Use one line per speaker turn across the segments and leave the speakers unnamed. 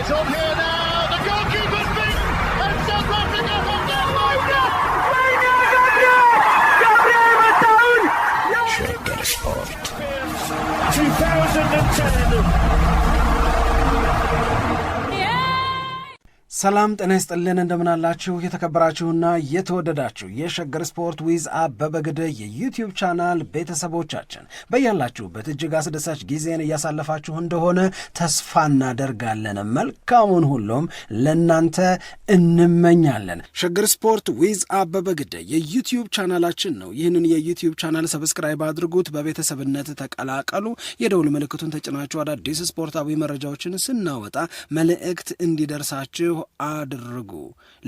is on here ሰላም ጤና ይስጥልን እንደምናላችሁ የተከበራችሁና የተወደዳችሁ የሸገር ስፖርት ዊዝ አበበ ግደይ የዩትዩብ ቻናል ቤተሰቦቻችን በያላችሁበት እጅግ አስደሳች ጊዜን እያሳለፋችሁ እንደሆነ ተስፋ እናደርጋለን። መልካሙን ሁሉም ለእናንተ እንመኛለን። ሸገር ስፖርት ዊዝ አበበ ግደይ የዩትዩብ ቻናላችን ነው። ይህንን የዩትዩብ ቻናል ሰብስክራይብ አድርጉት፣ በቤተሰብነት ተቀላቀሉ። የደውል ምልክቱን ተጭናችሁ አዳዲስ ስፖርታዊ መረጃዎችን ስናወጣ መልእክት እንዲደርሳችሁ አድርጉ።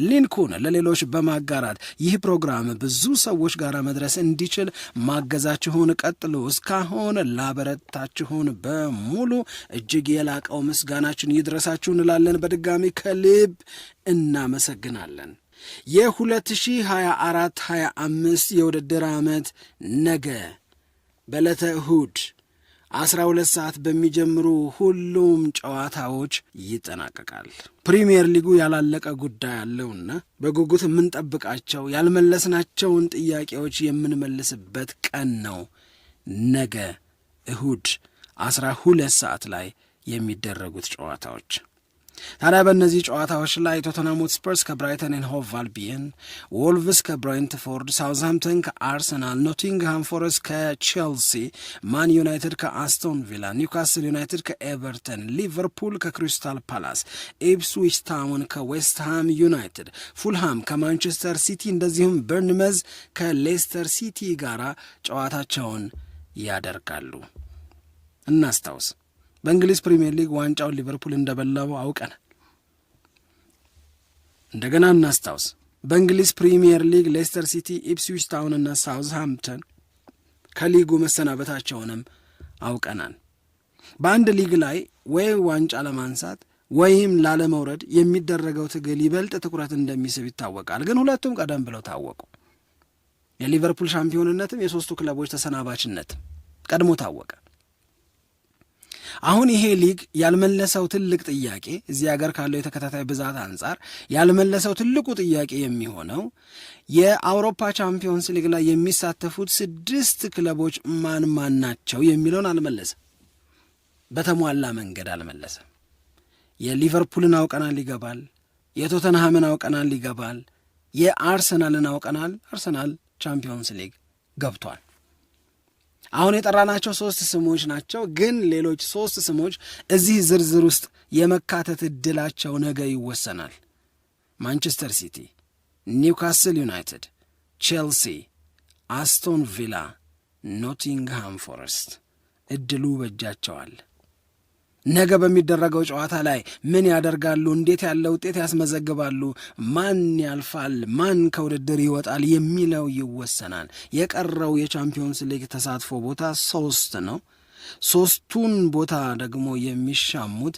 ሊንኩን ለሌሎች በማጋራት ይህ ፕሮግራም ብዙ ሰዎች ጋር መድረስ እንዲችል ማገዛችሁን ቀጥሉ። እስካሁን ላበረታችሁን በሙሉ እጅግ የላቀው ምስጋናችን ይድረሳችሁ እንላለን። በድጋሚ ከልብ እናመሰግናለን። የ2024/25 የውድድር ዓመት ነገ በዕለተ እሁድ አስራ ሁለት ሰዓት በሚጀምሩ ሁሉም ጨዋታዎች ይጠናቀቃል። ፕሪምየር ሊጉ ያላለቀ ጉዳይ አለውና በጉጉት የምንጠብቃቸው ያልመለስናቸውን ጥያቄዎች የምንመልስበት ቀን ነው። ነገ እሁድ አስራ ሁለት ሰዓት ላይ የሚደረጉት ጨዋታዎች ታዲያ በእነዚህ ጨዋታዎች ላይ ቶተንሃም ሆትስፐርስ ከብራይተን ኤንድ ሆቭ አልቢየን፣ ወልቭስ ከብሬንትፎርድ፣ ሳውዝሃምፕተን ከአርሰናል፣ ኖቲንግሃም ፎረስት ከቼልሲ፣ ማን ዩናይትድ ከአስቶን ቪላ፣ ኒውካስል ዩናይትድ ከኤቨርተን፣ ሊቨርፑል ከክሪስታል ፓላስ፣ ኢፕስዊች ታውን ከዌስትሃም ዩናይትድ፣ ፉልሃም ከማንቸስተር ሲቲ እንደዚሁም በርንመዝ ከሌስተር ሲቲ ጋር ጨዋታቸውን ያደርጋሉ። እናስታውስ በእንግሊዝ ፕሪምየር ሊግ ዋንጫውን ሊቨርፑል እንደበላው አውቀናል። እንደገና እናስታውስ። በእንግሊዝ ፕሪምየር ሊግ ሌስተር ሲቲ፣ ኢፕስዊች ታውንና ሳውዝሃምፕተን ከሊጉ መሰናበታቸውንም አውቀናል። በአንድ ሊግ ላይ ወይ ዋንጫ ለማንሳት ወይም ላለመውረድ የሚደረገው ትግል ይበልጥ ትኩረት እንደሚስብ ይታወቃል። ግን ሁለቱም ቀደም ብለው ታወቁ። የሊቨርፑል ሻምፒዮንነትም የሦስቱ ክለቦች ተሰናባችነትም ቀድሞ ታወቀ። አሁን ይሄ ሊግ ያልመለሰው ትልቅ ጥያቄ እዚህ ሀገር ካለው የተከታታይ ብዛት አንጻር ያልመለሰው ትልቁ ጥያቄ የሚሆነው የአውሮፓ ቻምፒዮንስ ሊግ ላይ የሚሳተፉት ስድስት ክለቦች ማን ማን ናቸው የሚለውን አልመለሰም። በተሟላ መንገድ አልመለሰም። የሊቨርፑልን አውቀናል ይገባል፣ የቶተንሃምን አውቀናል ይገባል፣ የአርሰናልን አውቀናል። አርሰናል ቻምፒዮንስ ሊግ ገብቷል። አሁን የጠራናቸው ሶስት ስሞች ናቸው። ግን ሌሎች ሶስት ስሞች እዚህ ዝርዝር ውስጥ የመካተት እድላቸው ነገ ይወሰናል። ማንቸስተር ሲቲ፣ ኒውካስል ዩናይትድ፣ ቼልሲ፣ አስቶን ቪላ፣ ኖቲንግሃም ፎረስት እድሉ በእጃቸዋል። ነገ በሚደረገው ጨዋታ ላይ ምን ያደርጋሉ? እንዴት ያለ ውጤት ያስመዘግባሉ? ማን ያልፋል? ማን ከውድድር ይወጣል? የሚለው ይወሰናል። የቀረው የቻምፒዮንስ ሊግ ተሳትፎ ቦታ ሶስት ነው። ሶስቱን ቦታ ደግሞ የሚሻሙት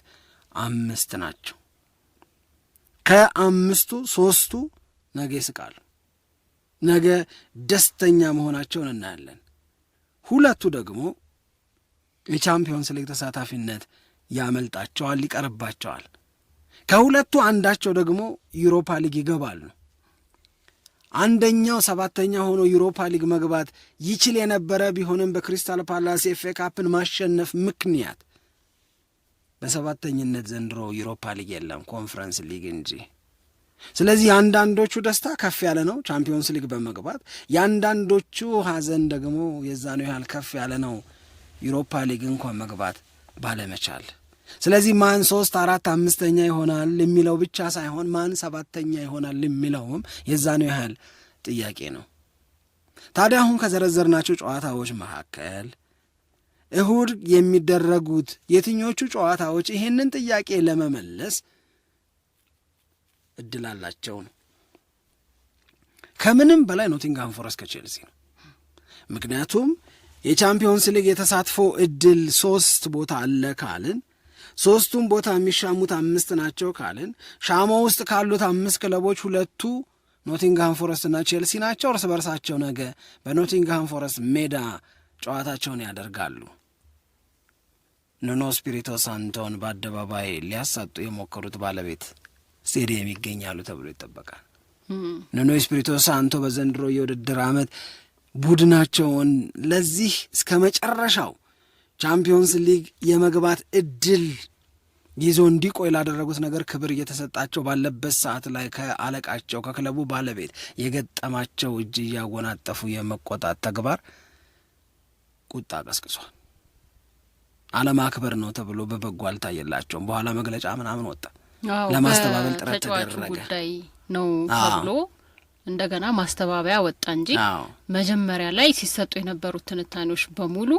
አምስት ናቸው። ከአምስቱ ሶስቱ ነገ ይስቃሉ። ነገ ደስተኛ መሆናቸውን እናያለን። ሁለቱ ደግሞ የቻምፒዮንስ ሊግ ተሳታፊነት ያመልጣቸዋል፣ ይቀርባቸዋል። ከሁለቱ አንዳቸው ደግሞ ዩሮፓ ሊግ ይገባሉ። አንደኛው ሰባተኛ ሆኖ ዩሮፓ ሊግ መግባት ይችል የነበረ ቢሆንም በክሪስታል ፓላስ ኤፍ ኤ ካፕን ማሸነፍ ምክንያት በሰባተኝነት ዘንድሮ ዩሮፓ ሊግ የለም፣ ኮንፈረንስ ሊግ እንጂ። ስለዚህ የአንዳንዶቹ ደስታ ከፍ ያለ ነው ቻምፒዮንስ ሊግ በመግባት የአንዳንዶቹ ሀዘን ደግሞ ነው ያህል ከፍ ያለ ነው ዩሮፓ ሊግ እንኳን መግባት ባለመቻል ስለዚህ ማን ሶስት አራት አምስተኛ ይሆናል የሚለው ብቻ ሳይሆን ማን ሰባተኛ ይሆናል የሚለውም የዛን ያህል ጥያቄ ነው። ታዲያ አሁን ከዘረዘርናቸው ጨዋታዎች መካከል እሁድ የሚደረጉት የትኞቹ ጨዋታዎች ይህንን ጥያቄ ለመመለስ እድል አላቸው ነው? ከምንም በላይ ኖቲንግሃም ፎረስት ከቼልሲ ነው። ምክንያቱም የቻምፒዮንስ ሊግ የተሳትፎ እድል ሶስት ቦታ አለ ካልን ሶስቱም ቦታ የሚሻሙት አምስት ናቸው ካልን ሻማ ውስጥ ካሉት አምስት ክለቦች ሁለቱ ኖቲንግሃም ፎረስት እና ቼልሲ ናቸው። እርስ በርሳቸው ነገ በኖቲንግሃም ፎረስት ሜዳ ጨዋታቸውን ያደርጋሉ። ኑኖ ስፒሪቶ ሳንቶን በአደባባይ ሊያሳጡ የሞከሩት ባለቤት ስቴዲየም ይገኛሉ ተብሎ ይጠበቃል። ኑኖ ስፒሪቶ ሳንቶ በዘንድሮ የውድድር ዓመት ቡድናቸውን ለዚህ እስከ መጨረሻው ቻምፒዮንስ ሊግ የመግባት እድል ይዞ እንዲቆይ ላደረጉት ነገር ክብር እየተሰጣቸው ባለበት ሰዓት ላይ ከአለቃቸው ከክለቡ ባለቤት የገጠማቸው እጅ እያጎናጠፉ የመቆጣት ተግባር ቁጣ ቀስቅሷል። አለማክበር ነው ተብሎ በበጎ አልታየላቸውም። በኋላ መግለጫ ምናምን ወጣ፣ ለማስተባበል ጥረት ተደረገ
ነው ተብሎ እንደገና ማስተባበያ ወጣ እንጂ መጀመሪያ ላይ ሲሰጡ የነበሩት ትንታኔዎች በሙሉ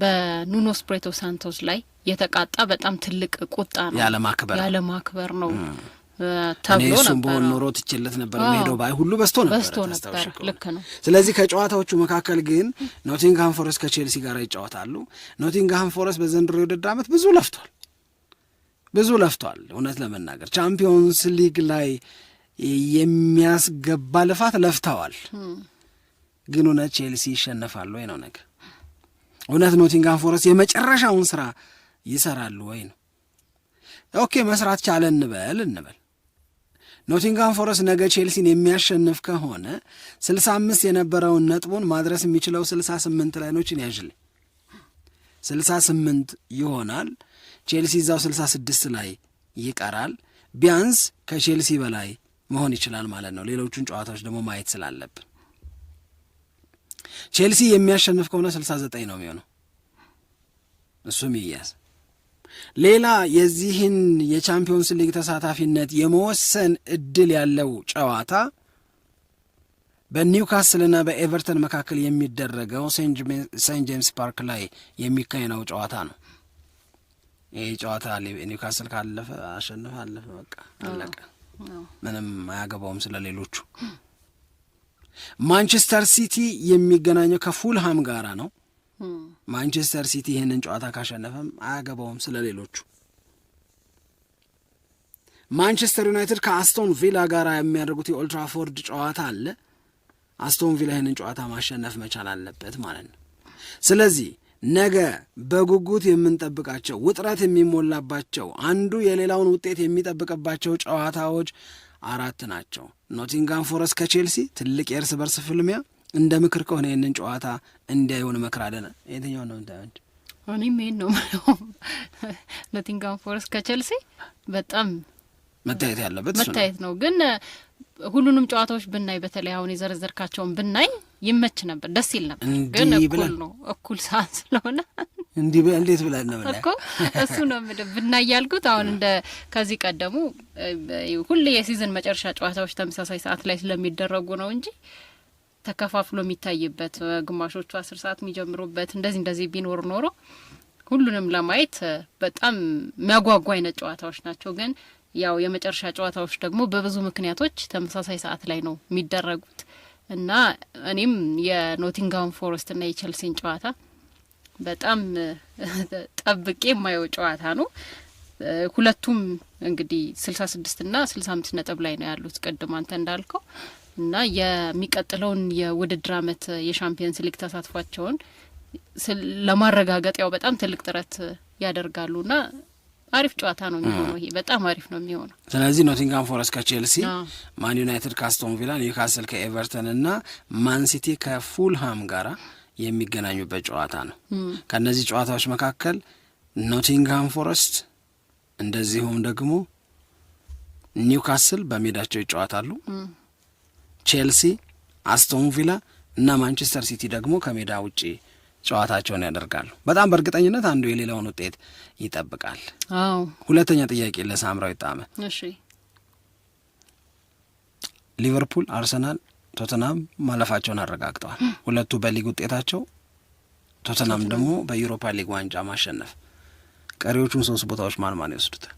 በኑኖ ስፕሬቶ ሳንቶስ ላይ የተቃጣ በጣም ትልቅ ቁጣ
ነው፣ ያለማክበር
ያለማክበር ነው
ተብሎሱም በሆን ኖሮ ትችለት ነበር ሄዶ ባይ ሁሉ በስቶ ነበር ነበር። ልክ ነው። ስለዚህ ከጨዋታዎቹ መካከል ግን ኖቲንግሃም ፎረስት ከቼልሲ ጋር ይጫወታሉ። ኖቲንግሃም ፎረስት በዘንድሮ የውድድር ዓመት ብዙ ለፍቷል ብዙ ለፍቷል። እውነት ለመናገር ቻምፒዮንስ ሊግ ላይ የሚያስገባ ልፋት ለፍተዋል። ግን እውነት ቼልሲ ይሸነፋሉ ወይ ነው ነገር። እውነት ኖቲንጋም ፎረስት የመጨረሻውን ስራ ይሰራሉ ወይ ነው። ኦኬ መስራት ቻለ እንበል እንበል ኖቲንጋም ፎረስት ነገ ቼልሲን የሚያሸንፍ ከሆነ ስልሳ አምስት የነበረውን ነጥቡን ማድረስ የሚችለው ስልሳ ስምንት ላይ ኖችን ያዥል ስልሳ ስምንት ይሆናል። ቼልሲ እዛው ስልሳ ስድስት ላይ ይቀራል። ቢያንስ ከቼልሲ በላይ መሆን ይችላል ማለት ነው። ሌሎቹን ጨዋታዎች ደግሞ ማየት ስላለብን ቼልሲ የሚያሸንፍ ከሆነ ስልሳ ዘጠኝ ነው የሚሆነው እሱም ይያዝ። ሌላ የዚህን የቻምፒዮንስ ሊግ ተሳታፊነት የመወሰን እድል ያለው ጨዋታ በኒውካስልና በኤቨርተን መካከል የሚደረገው ሴንት ጄምስ ፓርክ ላይ የሚካሄደው ጨዋታ ነው። ይህ ጨዋታ ኒውካስል ካለፈ አሸንፍ አለፈ፣ በቃ አለቀ። ምንም አያገባውም ስለ ሌሎቹ። ማንቸስተር ሲቲ የሚገናኘው ከፉልሃም ጋራ ነው። ማንቸስተር ሲቲ ይህንን ጨዋታ ካሸነፈም አያገባውም ስለ ሌሎቹ። ማንቸስተር ዩናይትድ ከአስቶን ቪላ ጋር የሚያደርጉት የኦልትራፎርድ ጨዋታ አለ። አስቶን ቪላ ይህንን ጨዋታ ማሸነፍ መቻል አለበት ማለት ነው። ስለዚህ ነገ በጉጉት የምንጠብቃቸው ውጥረት የሚሞላባቸው አንዱ የሌላውን ውጤት የሚጠብቅባቸው ጨዋታዎች አራት ናቸው። ኖቲንጋም ፎረስት ከቼልሲ ትልቅ የእርስ በርስ ፍልሚያ። እንደ ምክር ከሆነ ይህንን ጨዋታ እንዲያዩን ምክር አለን። የትኛው ነው እንታየንች?
እኔም ይህን ነው ኖቲንጋም ፎረስት ከቼልሲ በጣም
መታየት ያለበት
መታየት ነው። ግን ሁሉንም ጨዋታዎች ብናይ በተለይ አሁን የዘረዘርካቸውን ብናይ ይመች ነበር፣ ደስ ይል ነበር። ግን እኩል ነው፣ እኩል ሰዓት ስለሆነ እንዲህ እንዴት ብላል ነው እኮ እሱ ነው ምድ ብና ያልኩት። አሁን እንደ ከዚህ ቀደሙ ሁሌ የሲዝን መጨረሻ ጨዋታዎች ተመሳሳይ ሰዓት ላይ ስለሚደረጉ ነው እንጂ ተከፋፍሎ የሚታይበት ግማሾቹ አስር ሰዓት የሚጀምሩበት እንደዚህ እንደዚህ ቢኖር ኖሮ ሁሉንም ለማየት በጣም የሚያጓጓ አይነት ጨዋታዎች ናቸው። ግን ያው የመጨረሻ ጨዋታዎች ደግሞ በብዙ ምክንያቶች ተመሳሳይ ሰዓት ላይ ነው የሚደረጉት። እና እኔም የኖቲንጋም ፎረስት እና የቸልሲን ጨዋታ በጣም ጠብቄ የማየው ጨዋታ ነው። ሁለቱም እንግዲህ ስልሳ ስድስት ና ስልሳ አምስት ነጥብ ላይ ነው ያሉት ቅድም አንተ እንዳልከው እና የሚቀጥለውን የውድድር አመት የሻምፒየንስ ሊግ ተሳትፏቸውን ለማረጋገጥ ያው በጣም ትልቅ ጥረት ያደርጋሉ ና አሪፍ ጨዋታ ነው የሚሆነው። ይሄ በጣም አሪፍ ነው የሚሆነው።
ስለዚህ ኖቲንጋም ፎረስት ከቼልሲ፣ ማን ዩናይትድ ከአስቶን ቪላ፣ ኒውካስል ከኤቨርተን እና ማንሲቲ ከፉልሃም ጋራ የሚገናኙበት ጨዋታ ነው። ከእነዚህ ጨዋታዎች መካከል ኖቲንግሃም ፎረስት እንደዚሁም ደግሞ ኒውካስል በሜዳቸው ይጫወታሉ። ቼልሲ፣ አስቶን ቪላ እና ማንቸስተር ሲቲ ደግሞ ከሜዳ ውጪ ጨዋታቸውን ያደርጋሉ። በጣም በእርግጠኝነት አንዱ የሌላውን ውጤት ይጠብቃል። አዎ ሁለተኛ ጥያቄ ለሳምራዊ ጣመ ሊቨርፑል፣ አርሰናል፣ ቶተናም ማለፋቸውን አረጋግጠዋል። ሁለቱ በሊግ ውጤታቸው፣ ቶተናም ደግሞ በዩሮፓ ሊግ ዋንጫ ማሸነፍ። ቀሪዎቹን ሶስት ቦታዎች ማን ማን ይወስዱታል?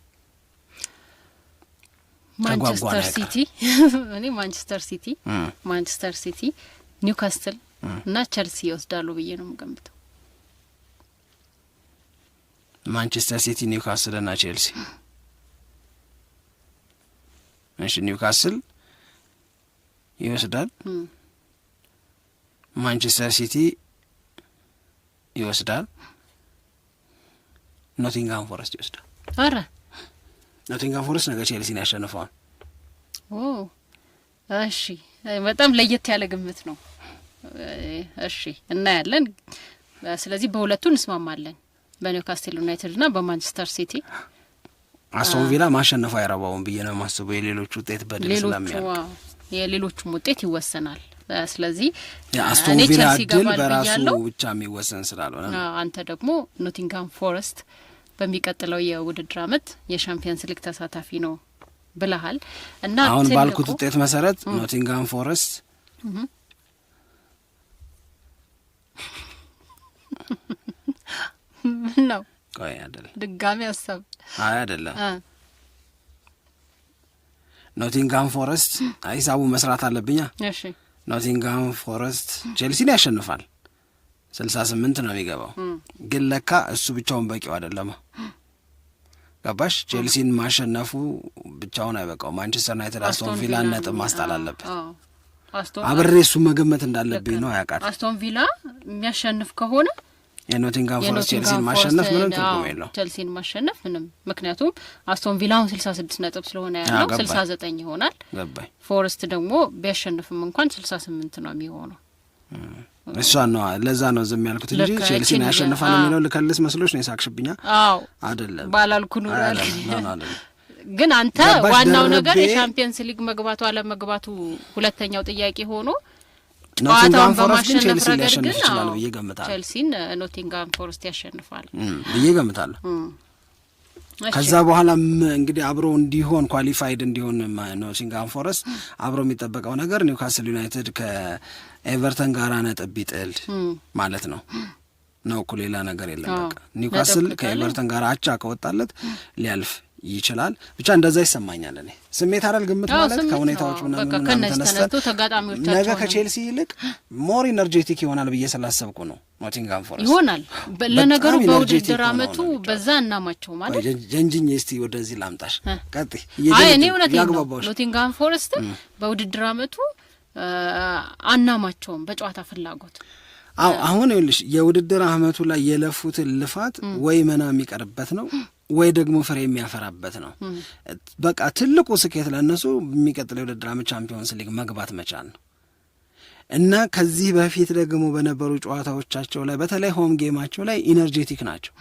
ማንቸስተር ሲቲ እኔ ማንቸስተር ሲቲ ማንቸስተር ሲቲ፣ ኒውካስትል እና ቸልሲ ይወስዳሉ ብዬ ነው የምገምተው።
ማንቸስተር ሲቲ፣ ኒውካስል እና ቼልሲ። እሺ ኒውካስል ይወስዳል፣ ማንቸስተር ሲቲ ይወስዳል፣ ኖቲንግሃም ፎረስት ይወስዳል። ኧረ ኖቲንግሃም ፎረስት ነገ ቼልሲን ያሸንፈዋል።
እሺ በጣም ለየት ያለ ግምት ነው። እሺ እናያለን። ስለዚህ በሁለቱ እንስማማለን፣ በኒውካስቴል ዩናይትድ እና በማንቸስተር ሲቲ።
አስቶን ቪላ ማሸነፍ አይረባውም ብዬ ነው የማስበው። የሌሎች ውጤት በድል
ስለሚያልቅ የሌሎቹም ውጤት ይወሰናል። ስለዚህ
የአስቶን ቪላ ድል በራሱ ብቻ የሚወሰን ስላልሆነ
አንተ ደግሞ ኖቲንጋም ፎረስት በሚቀጥለው የውድድር አመት የሻምፒየንስ ሊግ ተሳታፊ ነው ብለሃል
እና አሁን ባልኩት ውጤት መሰረት ኖቲንጋም ፎረስት ምን ነው? ቆይ አይደለም፣
ድጋሚ ሀሳብ።
አይ አይደለም፣ ኖቲንግሃም ፎረስት ሂሳቡ መስራት አለብኛ። እሺ፣ ኖቲንግሃም ፎረስት ቼልሲን ያሸንፋል። ስልሳ ስምንት ነው የሚገባው። ግን ለካ እሱ ብቻውን በቂው አይደለም ገባሽ? ቼልሲን ማሸነፉ ብቻውን አይበቃው። ማንቸስተር ዩናይትድ አስቶን ቪላን ነጥብ ማስጣል አለበት። አብሬ እሱ መገመት እንዳለብኝ ነው ያውቃል።
አስቶን ቪላ የሚያሸንፍ ከሆነ
የኖቲንጋም ፎረስት ቼልሲን ማሸነፍ ምንም ትርጉም የለው።
ቼልሲን ማሸነፍ ምንም ምክንያቱም አስቶን ቪላ ስልሳ ስድስት ነጥብ ስለሆነ ያለው ስልሳ ዘጠኝ ይሆናል። ፎረስት ደግሞ ቢያሸንፍም እንኳን ስልሳ ስምንት ነው የሚሆነው።
እሷ ነው ለዛ ነው ዝም ያልኩት እንጂ ቼልሲን ያሸንፋል የሚለው ልከልስ መስሎች ነው የሳቅሽብኛ? አዎ አይደለም
ባላልኩ ኑር ግን አንተ ዋናው ነገር የቻምፒየንስ ሊግ መግባቱ አለመግባቱ ሁለተኛው ጥያቄ ሆኖ
ጨዋታውን በማሸነፍ ረገድ ግን
ቼልሲን ኖቲንጋም ፎረስት ያሸንፋል
ብዬ ገምታለሁ። ከዛ በኋላ እንግዲህ አብሮ እንዲሆን ኳሊፋይድ እንዲሆን ኖቲንጋም ፎረስት አብሮ የሚጠበቀው ነገር ኒውካስል ዩናይትድ ከኤቨርተን ጋር ነጥብ ቢጥል ማለት ነው ነው እኮ ሌላ ነገር የለም። በቃ ኒውካስል ከኤቨርተን ጋር አቻ ከወጣለት ሊያልፍ ይችላል ብቻ እንደዛ ይሰማኛል። እኔ ስሜት አይደል ግምት ማለት ከሁኔታዎች
ምናምን ተነስተን
ነገ ከቼልሲ ይልቅ ሞር ኢነርጄቲክ ይሆናል ብዬ ስላሰብኩ ነው። ኖቲንጋም ፎረስት
ይሆናል። ለነገሩ በውድድር አመቱ በዛ እናማቸው
ማለት ጀንጅኝ እስቲ ወደዚህ ላምጣሽ ቀጥ
አይ እኔ እውነት ነው ኖቲንግሃም ፎረስት በውድድር አመቱ አናማቸውም በጨዋታ ፍላጎት
አሁን ይኸውልሽ የውድድር አመቱ ላይ የለፉትን ልፋት ወይ መና የሚቀርበት ነው ወይ ደግሞ ፍሬ የሚያፈራበት ነው። በቃ ትልቁ ስኬት ለእነሱ የሚቀጥለው የውድድር ዓመት ቻምፒዮንስ ሊግ መግባት መቻል ነው እና ከዚህ በፊት ደግሞ በነበሩ ጨዋታዎቻቸው ላይ በተለይ ሆም ጌማቸው ላይ ኢነርጄቲክ ናቸው።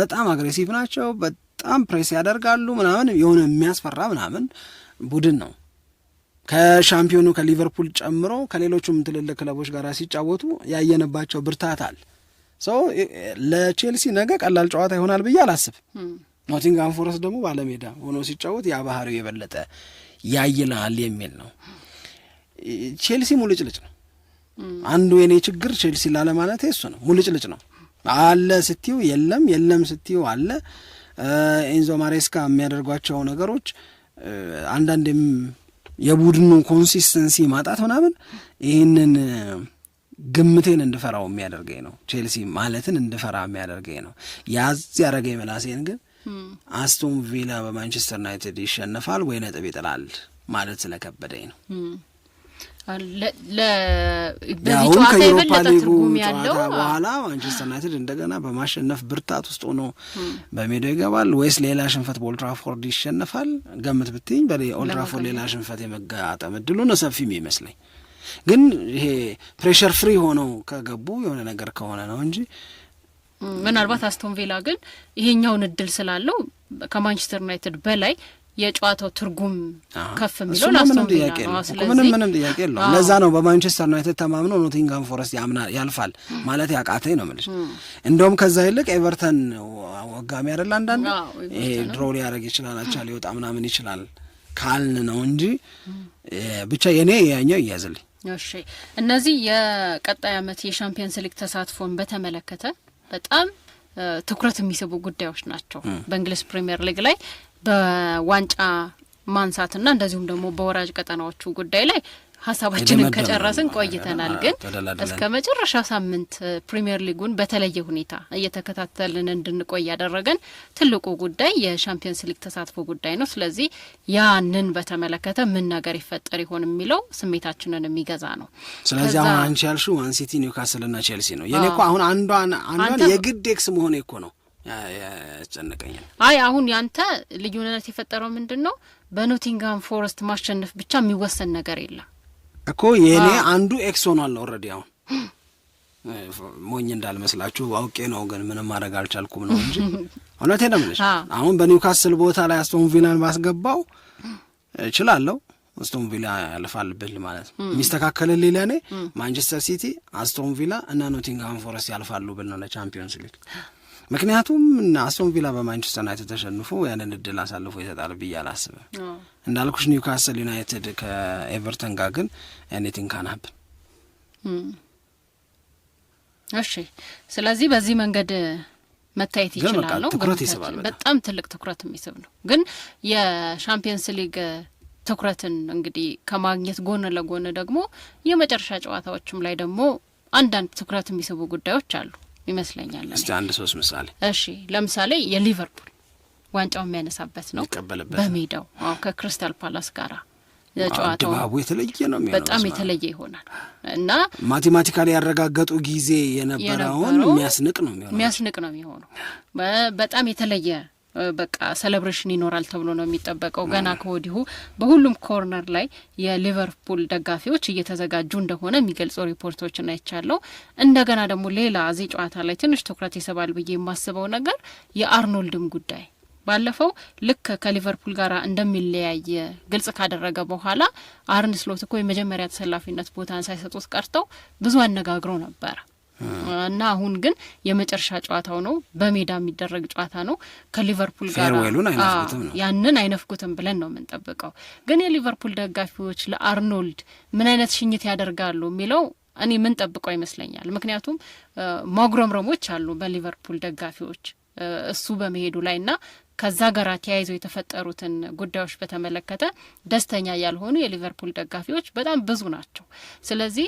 በጣም አግሬሲቭ ናቸው። በጣም ፕሬስ ያደርጋሉ ምናምን የሆነ የሚያስፈራ ምናምን ቡድን ነው። ከሻምፒዮኑ ከሊቨርፑል ጨምሮ ከሌሎቹም ትልልቅ ክለቦች ጋር ሲጫወቱ ያየነባቸው ብርታት አለ። ሰው ለቼልሲ ነገ ቀላል ጨዋታ ይሆናል ብዬ አላስብ ኖቲንግሃም ፎረስት ደግሞ ባለሜዳ ሆኖ ሲጫወት ያ ባህሪው የበለጠ ያይላል የሚል ነው። ቼልሲ ሙልጭልጭ ነው። አንዱ የኔ ችግር ቼልሲ ላለማለት እሱ ነው። ሙልጭልጭ ነው። አለ ስትው የለም፣ የለም ስትው አለ። ኤንዞ ማሬስካ የሚያደርጓቸው ነገሮች አንዳንድ የቡድኑ ኮንሲስተንሲ ማጣት ምናምን ይህንን ግምቴን እንድፈራው የሚያደርገኝ ነው። ቼልሲ ማለትን እንድፈራ የሚያደርገኝ ነው። ያዝ ያደረገኝ መላሴን ግን አስቶን ቪላ በማንቸስተር ዩናይትድ ይሸነፋል ወይ ነጥብ ይጥላል ማለት ስለከበደኝ ነው። ለሁን ከዩሮፓ ሊጉ ጨዋታ በኋላ ማንቸስተር ዩናይትድ እንደገና በማሸነፍ ብርታት ውስጥ ሆኖ በሜዳው ይገባል ወይስ ሌላ ሽንፈት በኦልትራፎርድ ይሸነፋል? ገምት ብትኝ በኦልትራፎርድ ሌላ ሽንፈት የመጋጠም እድሉ ነው ሰፊም ይመስለኝ ግን ይሄ ፕሬሸር ፍሪ ሆነው ከገቡ የሆነ ነገር ከሆነ ነው እንጂ
ምናልባት አስቶን ቪላ ግን ይሄኛውን እድል ስላለው ከማንቸስተር ዩናይትድ በላይ የጨዋታው ትርጉም ከፍ የሚለውምንም
ምንም ጥያቄ ምንም ምንም ጥያቄ የለውም። ለዛ ነው በማንቸስተር ዩናይትድ ተማምኖ ኖቲንጋም ፎረስት ያልፋል ማለት ያቃተኝ ነው የምልሽ። እንደውም ከዛ ይልቅ ኤቨርተን ወጋሚ አይደል አንዳንድ ይሄ ድሮ ሊያደርግ ይችላል አቻ ሊወጣ ምናምን ይችላል ካልን ነው እንጂ ብቻ የኔ ያኛው እያዝልኝ
እሺ እነዚህ የቀጣይ አመት የሻምፒየንስ ሊግ ተሳትፎን በተመለከተ በጣም ትኩረት የሚስቡ ጉዳዮች ናቸው። በእንግሊዝ ፕሪምየር ሊግ ላይ በዋንጫ ማንሳትና እንደዚሁም ደግሞ በወራጅ ቀጠናዎቹ ጉዳይ ላይ ሀሳባችንን ከጨረስን ቆይተናል። ግን እስከ መጨረሻው ሳምንት ፕሪምየር ሊጉን በተለየ ሁኔታ እየተከታተልን እንድንቆይ ያደረገን ትልቁ ጉዳይ የሻምፒየንስ ሊግ ተሳትፎ ጉዳይ ነው። ስለዚህ ያንን በተመለከተ ምን ነገር ይፈጠር ይሆን የሚለው ስሜታችንን የሚገዛ ነው።
ስለዚህ አሁን አንቺ ያልሽው ማን ሲቲ፣ ና ቼልሲ ነው የኔ እኮ አሁን አንዷን አንዷን የግድ ኤክስ መሆኔ እኮ ነው ያስጨነቀኛል።
አይ አሁን ያንተ ልዩነት የፈጠረው ምንድን ነው? በኖቲንግሃም ፎረስት ማሸነፍ ብቻ የሚወሰን ነገር የለም።
እኮ የእኔ አንዱ ኤክስ ሆኗል። ኦልሬዲ አሁን ሞኝ እንዳልመስላችሁ አውቄ ነው፣ ግን ምንም ማድረግ አልቻልኩም ነው እንጂ እውነቴን ነው የምልሽ። አሁን በኒውካስል ቦታ ላይ አስቶን ቪላን ባስገባው እችላለሁ። አስቶን ቪላ ያልፋል ብል ማለት ነው የሚስተካከልልኝ ለእኔ ማንቸስተር ሲቲ፣ አስቶን ቪላ እና ኖቲንግሃም ፎረስት ያልፋሉ ብል ነው ለቻምፒዮንስ ሊግ። ምክንያቱም አስቶን ቪላ በማንቸስተር ዩናይትድ ተሸንፎ ያንን እድል አሳልፎ ይሰጣል ብዬ አላስብም። እንዳልኩሽ ኒውካስል ዩናይትድ ከኤቨርተን ጋር ግን ኤኒቲንግ ካን ሀፕን።
እሺ፣ ስለዚህ በዚህ መንገድ መታየት ይችላል ትኩረት ይስባል፣ በጣም ትልቅ ትኩረት የሚስብ ነው። ግን የሻምፒየንስ ሊግ ትኩረትን እንግዲህ ከማግኘት ጎን ለጎን ደግሞ የመጨረሻ ጨዋታዎችም ላይ ደግሞ አንዳንድ ትኩረት የሚስቡ ጉዳዮች አሉ ይመስለኛል።
እስቲ አንድ ሶስት ምሳሌ
እሺ፣ ለምሳሌ የሊቨርፑል ዋንጫው የሚያነሳበት ነው በሜዳው ከክሪስታል ፓላስ ጋራ ጨዋታው የተለየ ነው፣ በጣም የተለየ ይሆናል እና
ማቴማቲካሊ ያረጋገጡ ጊዜ የነበረውን የሚያስንቅ ነው የሚሆነው
የሚያስንቅ ነው የሚሆነው። በጣም የተለየ በቃ ሴሌብሬሽን ይኖራል ተብሎ ነው የሚጠበቀው። ገና ከወዲሁ በሁሉም ኮርነር ላይ የሊቨርፑል ደጋፊዎች እየተዘጋጁ እንደሆነ የሚገልጹ ሪፖርቶችን አይቻለሁ። እንደገና ደግሞ ሌላ እዚህ ጨዋታ ላይ ትንሽ ትኩረት ይስባል ብዬ የማስበው ነገር የአርኖልድም ጉዳይ ባለፈው ልክ ከሊቨርፑል ጋር እንደሚለያየ ግልጽ ካደረገ በኋላ አርን ስሎት እኮ የመጀመሪያ ተሰላፊነት ቦታን ሳይሰጡት ቀርተው ብዙ አነጋግሮ ነበረ እና አሁን ግን የመጨረሻ ጨዋታው ነው፣ በሜዳ የሚደረግ ጨዋታ ነው ከሊቨርፑል ጋር ያንን አይነፍኩትም ብለን ነው የምንጠብቀው። ግን የሊቨርፑል ደጋፊዎች ለአርኖልድ ምን አይነት ሽኝት ያደርጋሉ የሚለው እኔ ምን ጠብቀው ይመስለኛል። ምክንያቱም ማጉረምረሞች አሉ በሊቨርፑል ደጋፊዎች እሱ በመሄዱ ላይ እና ከዛ ጋር ተያይዘው የተፈጠሩትን ጉዳዮች በተመለከተ ደስተኛ ያልሆኑ የሊቨርፑል ደጋፊዎች በጣም ብዙ ናቸው። ስለዚህ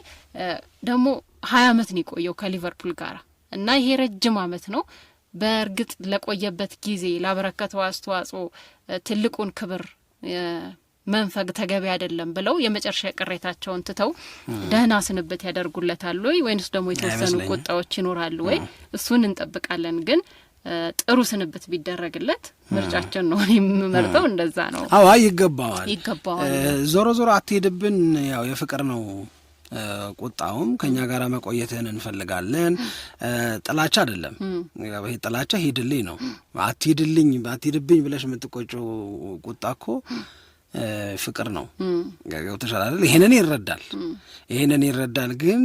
ደግሞ ሀያ አመት ነው የቆየው ከሊቨርፑል ጋር እና ይሄ ረጅም አመት ነው። በእርግጥ ለቆየበት ጊዜ ላበረከተው አስተዋጽኦ ትልቁን ክብር መንፈግ ተገቢ አይደለም ብለው የመጨረሻ ቅሬታቸውን ትተው ደህና ስንብት ያደርጉለታል ወይ ወይንስ ደግሞ የተወሰኑ ቁጣዎች ይኖራሉ ወይ? እሱን እንጠብቃለን ግን ጥሩ ስንብት ቢደረግለት ምርጫችን ነው። የምመርጠው እንደዛ ነው።
አዎ ይገባዋል፣ ይገባዋል። ዞሮ ዞሮ አትሄድብን። ያው የፍቅር ነው ቁጣውም ከእኛ ጋር መቆየትህን እንፈልጋለን። ጥላቻ አይደለም። ይሄ ጥላቻ ሂድልኝ ነው። አትሄድልኝ አትሄድብኝ ብለሽ የምትቆጪው ቁጣ እኮ ፍቅር ነው። ገብቶሻል አይደል? ይሄንን ይረዳል፣ ይሄንን ይረዳል። ግን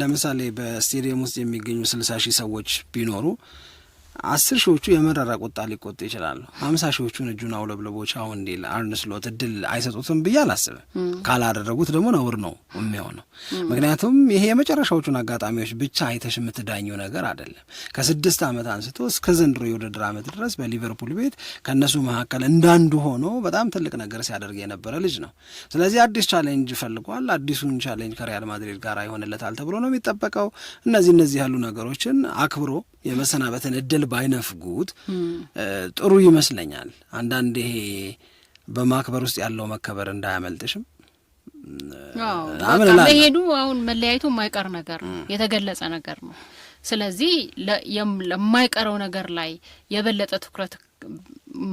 ለምሳሌ በስቴዲየም ውስጥ የሚገኙ ስልሳ ሺህ ሰዎች ቢኖሩ አስር ሺዎቹ የመረራ ቁጣ ሊቆጡ ይችላሉ። ሀምሳ ሺዎቹን እጁን አውለብለቦች አሁን እንዲ አርነ ስሎት እድል አይሰጡትም ብዬ አላስብም። ካላደረጉት ደግሞ ነውር ነው የሚሆነው። ምክንያቱም ይሄ የመጨረሻዎቹን አጋጣሚዎች ብቻ አይተሽ የምትዳኘው ነገር አይደለም። ከስድስት ዓመት አንስቶ እስከ ዘንድሮ የውድድር ዓመት ድረስ በሊቨርፑል ቤት ከእነሱ መካከል እንዳንዱ ሆኖ በጣም ትልቅ ነገር ሲያደርግ የነበረ ልጅ ነው። ስለዚህ አዲስ ቻሌንጅ ፈልጓል። አዲሱን ቻሌንጅ ከሪያል ማድሪድ ጋር ይሆንለታል ተብሎ ነው የሚጠበቀው። እነዚህ እነዚህ ያሉ ነገሮችን አክብሮ የመሰናበትን እድል ባይነፍጉት ጥሩ ይመስለኛል። አንዳንድ ይሄ በማክበር ውስጥ ያለው መከበር እንዳያመልጥሽም
መሄዱ አሁን መለያየቱ የማይቀር ነገር ነው፣ የተገለጸ ነገር ነው። ስለዚህ ለማይቀረው ነገር ላይ የበለጠ ትኩረት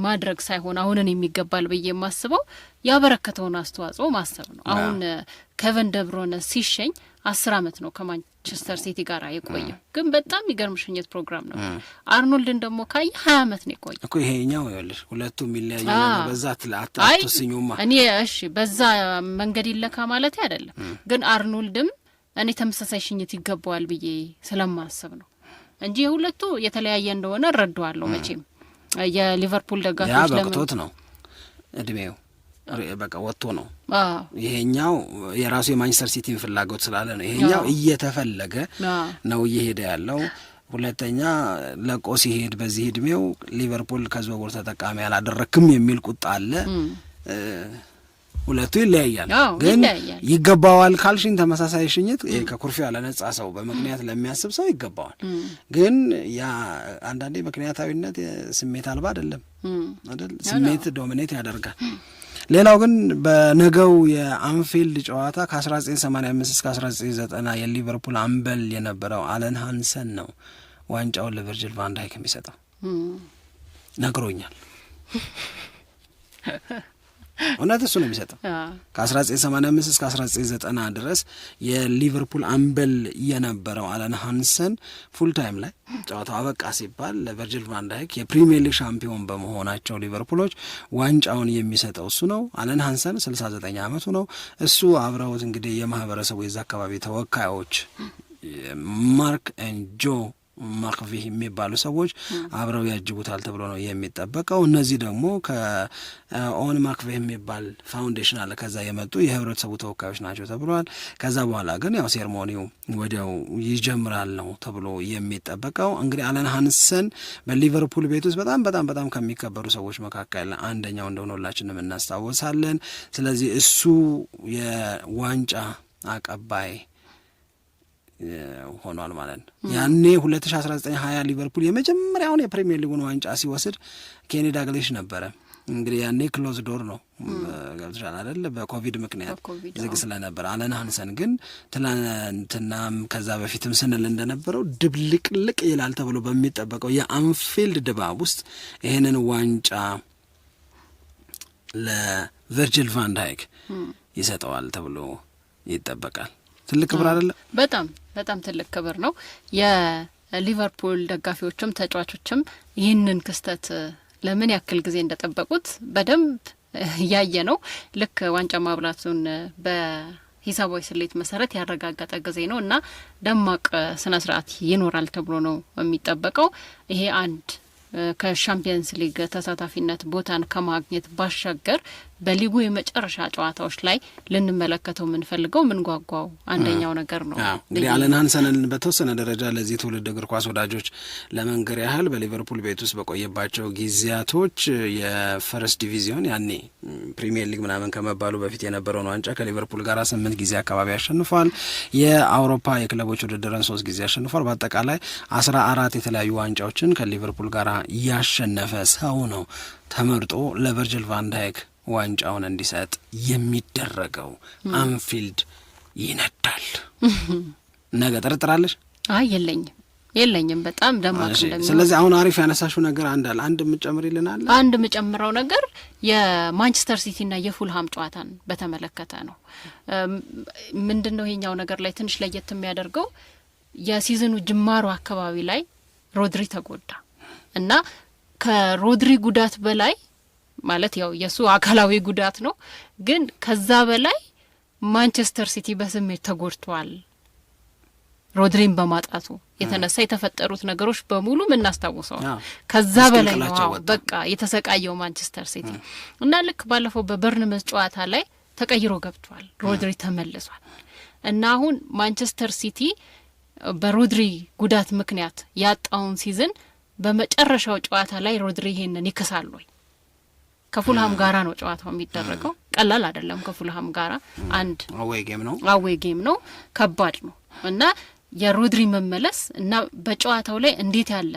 ማድረግ ሳይሆን አሁንን የሚገባል ብዬ የማስበው ያበረከተውን አስተዋጽኦ ማሰብ ነው። አሁን ከቨን ደብሮነ ሲሸኝ አስር አመት ነው ከማንቸስተር ሲቲ ጋር የቆየው፣ ግን በጣም የሚገርም ሽኝት ፕሮግራም ነው። አርኖልድን ደግሞ ካየ ሀያ አመት ነው የቆየ
እኮ ይሄኛው ይኸውልሽ፣ ሁለቱ የሚለያዩ በዛ ትላአትስኙማ
እኔ እሺ፣ በዛ መንገድ ይለካ ማለት አይደለም፣ ግን አርኖልድም እኔ ተመሳሳይ ሽኝት ይገባዋል ብዬ ስለማስብ ነው እንጂ የሁለቱ የተለያየ እንደሆነ እረዳዋለሁ መቼም የሊቨርፑል
ደጋፊዎች በቅቶት ነው እድሜው በቃ ወጥቶ ነው። ይሄኛው የራሱ የማንቸስተር ሲቲን ፍላጎት ስላለ ነው። ይሄኛው እየተፈለገ ነው እየሄደ ያለው። ሁለተኛ ለቆ ሲሄድ በዚህ እድሜው ሊቨርፑል ከዝውውር ተጠቃሚ አላደረክም የሚል ቁጣ አለ። ሁለቱ ይለያያል። ግን ይገባዋል ካልሽኝ ተመሳሳይ ሽኝት ከኩርፊያ ለነጻ ሰው በምክንያት ለሚያስብ ሰው ይገባዋል። ግን ያ አንዳንዴ ምክንያታዊነት ስሜት አልባ አይደለም አይደል? ስሜት ዶሚኔት ያደርጋል። ሌላው ግን በነገው የአንፊልድ ጨዋታ ከ1985 እስከ 1990 የሊቨርፑል አምበል የነበረው አለን ሃንሰን ነው ዋንጫውን ለቨርጅል ቫንዳይክ የሚሰጠው ነግሮኛል። እውነት እሱ ነው የሚሰጠው። ከ1985 እስከ 1990 ድረስ የሊቨርፑል አምበል የነበረው አለን ሃንሰን ፉል ታይም ላይ ጨዋታው አበቃ ሲባል ለቨርጅል ቫንዳይክ የፕሪሚየር ሊግ ሻምፒዮን በመሆናቸው ሊቨርፑሎች ዋንጫውን የሚሰጠው እሱ ነው። አለን ሃንሰን 69 ዓመቱ ነው። እሱ አብረውት እንግዲህ የማህበረሰቡ የዛ አካባቢ ተወካዮች ማርክ ኤን ጆ ማክቪህ የሚባሉ ሰዎች አብረው ያጅቡታል ተብሎ ነው የሚጠበቀው። እነዚህ ደግሞ ከኦን ማክቪህ የሚባል ፋውንዴሽን አለ፣ ከዛ የመጡ የህብረተሰቡ ተወካዮች ናቸው ተብሏል። ከዛ በኋላ ግን ያው ሴርሞኒው ወዲያው ይጀምራል ነው ተብሎ የሚጠበቀው። እንግዲህ አለን ሃንሰን በሊቨርፑል ቤት ውስጥ በጣም በጣም በጣም ከሚከበሩ ሰዎች መካከል አንደኛው እንደሆነ ሁላችንም እናስታውሳለን። ስለዚህ እሱ የዋንጫ አቀባይ ሆኗል ማለት ነው። ያኔ 2019 20 ሊቨርፑል የመጀመሪያውን የፕሪሚየር ሊጉን ዋንጫ ሲወስድ ኬኒ ዳግሊሽ ነበረ። እንግዲህ ያኔ ክሎዝ ዶር ነው ገብቶሻል አይደል? በኮቪድ ምክንያት ዝግ ስለነበር አለን ሀንሰን ግን ትናንትናም ከዛ በፊትም ስንል እንደነበረው ድብልቅልቅ ይላል ተብሎ በሚጠበቀው የአንፊልድ ድባብ ውስጥ ይህንን ዋንጫ ለቨርጅል ቫንዳይክ ይሰጠዋል ተብሎ ይጠበቃል። ትልቅ ክብር አይደለም?
በጣም በጣም ትልቅ ክብር ነው። የሊቨርፑል ደጋፊዎችም ተጫዋቾችም ይህንን ክስተት ለምን ያክል ጊዜ እንደጠበቁት በደንብ እያየ ነው። ልክ ዋንጫ ማብላቱን በሂሳባዊ ስሌት መሰረት ያረጋገጠ ጊዜ ነው እና ደማቅ ስነ ስርዓት ይኖራል ተብሎ ነው የሚጠበቀው። ይሄ አንድ ከሻምፒየንስ ሊግ ተሳታፊነት ቦታን ከማግኘት ባሻገር በሊጉ የመጨረሻ ጨዋታዎች ላይ ልንመለከተው የምንፈልገው ምንጓጓው አንደኛው ነገር ነው።
እንግዲህ አለን ሀንሰንን በተወሰነ ደረጃ ለዚህ ትውልድ እግር ኳስ ወዳጆች ለመንገር ያህል በሊቨርፑል ቤት ውስጥ በቆየባቸው ጊዜያቶች የፈረስት ዲቪዚዮን ያኔ ፕሪሚየር ሊግ ምናምን ከመባሉ በፊት የነበረውን ዋንጫ ከሊቨርፑል ጋር ስምንት ጊዜ አካባቢ አሸንፏል። የአውሮፓ የክለቦች ውድድርን ሶስት ጊዜ አሸንፏል። በአጠቃላይ አስራ አራት የተለያዩ ዋንጫዎችን ከሊቨርፑል ጋር ያሸነፈ ሰው ነው ተመርጦ ለቨርጅል ቫንዳይክ ዋንጫውን እንዲሰጥ የሚደረገው አንፊልድ ይነዳል። ነገ ጥርጥር
አይ የለኝም የለኝም በጣም ደማቅ
ስለዚህ አሁን አሪፍ ያነሳሹ ነገር አንድ አለ አንድ የምጨምር ይልናል
አንድ የምጨምረው ነገር የማንቸስተር ሲቲና የፉልሃም ጨዋታን በተመለከተ ነው። ምንድን ነው ይሄኛው ነገር ላይ ትንሽ ለየት የሚያደርገው የሲዝኑ ጅማሩ አካባቢ ላይ ሮድሪ ተጎዳ እና ከሮድሪ ጉዳት በላይ ማለት ያው የእሱ አካላዊ ጉዳት ነው። ግን ከዛ በላይ ማንቸስተር ሲቲ በስሜት ተጎድቷል። ሮድሪን በማጣቱ የተነሳ የተፈጠሩት ነገሮች በሙሉ የምናስታውሰው ከዛ በላይ በቃ የተሰቃየው ማንቸስተር ሲቲ እና ልክ ባለፈው በበርንመዝ ጨዋታ ላይ ተቀይሮ ገብቷል። ሮድሪ ተመልሷል እና አሁን ማንቸስተር ሲቲ በሮድሪ ጉዳት ምክንያት ያጣውን ሲዝን በመጨረሻው ጨዋታ ላይ ሮድሪ ይሄንን ይክሳል ወይ? ከፉልሃም ጋራ ነው ጨዋታው የሚደረገው። ቀላል አይደለም። ከፉልሃም ጋራ አንድ አዌ ጌም ነው፣ አዌ ጌም ነው፣ ከባድ ነው እና የሮድሪ መመለስ እና በጨዋታው ላይ እንዴት ያለ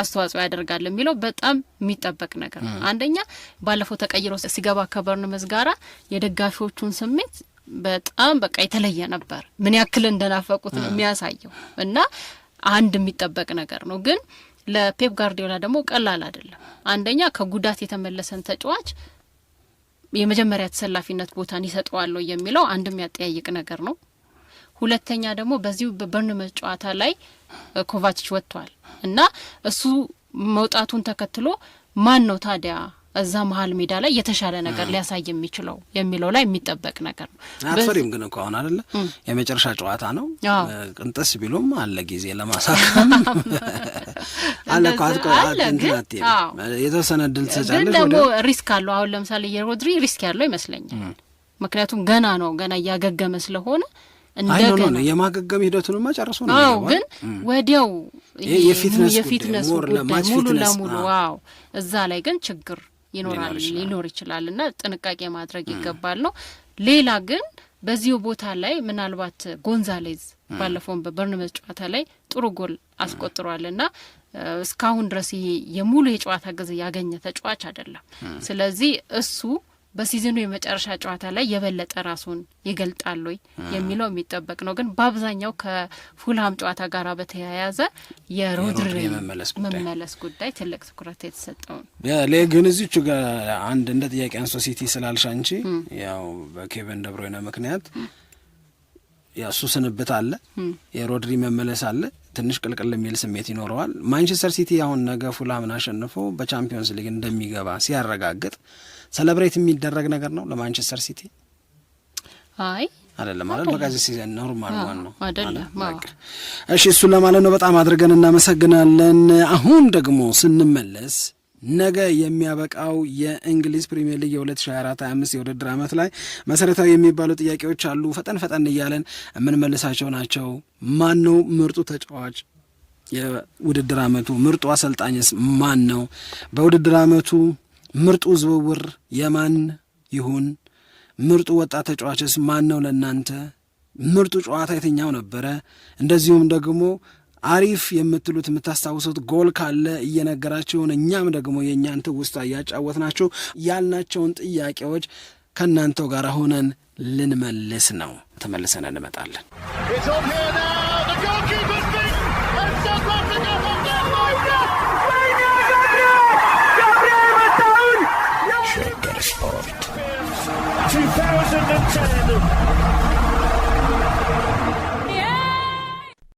አስተዋጽኦ ያደርጋል የሚለው በጣም የሚጠበቅ ነገር ነው። አንደኛ ባለፈው ተቀይሮ ሲገባ ከበርንመዝ ጋራ የደጋፊዎቹን ስሜት በጣም በቃ የተለየ ነበር። ምን ያክል እንደናፈቁት የሚያሳየው እና አንድ የሚጠበቅ ነገር ነው ግን ለፔፕ ጋርዲዮላ ደግሞ ቀላል አይደለም። አንደኛ ከጉዳት የተመለሰን ተጫዋች የመጀመሪያ ተሰላፊነት ቦታን ይሰጠዋለሁ የሚለው አንድም ያጠያይቅ ነገር ነው። ሁለተኛ ደግሞ በዚሁ በበርንመዝ ጨዋታ ላይ ኮቫችች ወጥቷል እና እሱ መውጣቱን ተከትሎ ማን ነው ታዲያ እዛ መሀል ሜዳ ላይ የተሻለ ነገር ሊያሳይ የሚችለው የሚለው ላይ የሚጠበቅ ነገር ነው።
አትፈሪም ግን እኮ አሁን አይደለ የመጨረሻ ጨዋታ ነው። ቅንጥስ ቢሉም አለ ጊዜ ለማሳከም አለ የተወሰነ ድል
ትሰጫለች። ግን ደግሞ ሪስክ አለው። አሁን ለምሳሌ የሮድሪ ሪስክ ያለው ይመስለኛል። ምክንያቱም ገና ነው ገና እያገገመ ስለሆነ
እንደገና የማገገም ሂደቱን ማጨረሱ
ነው። አዎ ግን ወዲያው የፊትነስ ጉዳይ ሙሉ ለሙሉ ዋው እዛ ላይ ግን ችግር ይኖራል ሊኖር ይችላል እና ጥንቃቄ ማድረግ ይገባል ነው። ሌላ ግን በዚሁ ቦታ ላይ ምናልባት ጎንዛሌዝ ባለፈውን በበርንመዝ ጨዋታ ላይ ጥሩ ጎል አስቆጥሯል ና እስካሁን ድረስ ይሄ የሙሉ የጨዋታ ጊዜ ያገኘ ተጫዋች አይደለም። ስለዚህ እሱ በሲዝኑ የመጨረሻ ጨዋታ ላይ የበለጠ ራሱን ይገልጣል ወይ የሚለው የሚጠበቅ ነው። ግን በአብዛኛው ከፉልሃም ጨዋታ ጋር በተያያዘ የሮድሪ መመለስ ጉዳይ ትልቅ ትኩረት የተሰጠው
ነው። ግን እዚቹ ጋር አንድ እንደ ጥያቄ አንሶ ሲቲ ስላልሻ እንጂ ያው በኬቨን ደብሮይነ ምክንያት እሱ ስንብት አለ፣ የሮድሪ መመለስ አለ። ትንሽ ቅልቅል የሚል ስሜት ይኖረዋል። ማንቸስተር ሲቲ አሁን ነገ ፉልሃምን አሸንፎ በቻምፒዮንስ ሊግ እንደሚገባ ሲያረጋግጥ ሰለብሬት የሚደረግ ነገር ነው ለማንቸስተር ሲቲ አይ አይደለም ማለት በቃ ሲዘን ኖርማል ዋን ነው አይደለም። እሺ እሱ ለማለት ነው። በጣም አድርገን እናመሰግናለን። አሁን ደግሞ ስንመለስ ነገ የሚያበቃው የእንግሊዝ ፕሪምየር ሊግ የ2024/25 የውድድር ዓመት ላይ መሰረታዊ የሚባሉ ጥያቄዎች አሉ። ፈጠን ፈጠን እያለን የምንመልሳቸው ናቸው። ማን ነው ምርጡ ተጫዋች? የውድድር ዓመቱ ምርጡ አሰልጣኝስ ማን ነው? በውድድር ዓመቱ ምርጡ ዝውውር የማን ይሁን? ምርጡ ወጣት ተጫዋችስ ማን ነው ለእናንተ? ምርጡ ጨዋታ የትኛው ነበረ? እንደዚሁም ደግሞ አሪፍ የምትሉት የምታስታውሱት ጎል ካለ እየነገራችሁን እኛም ደግሞ የእኛን ትውስታ እያጫወትናችሁ ያልናቸውን ጥያቄዎች ከእናንተው ጋር ሆነን ልንመልስ ነው። ተመልሰን እንመጣለን። Kaçırdım çeneni.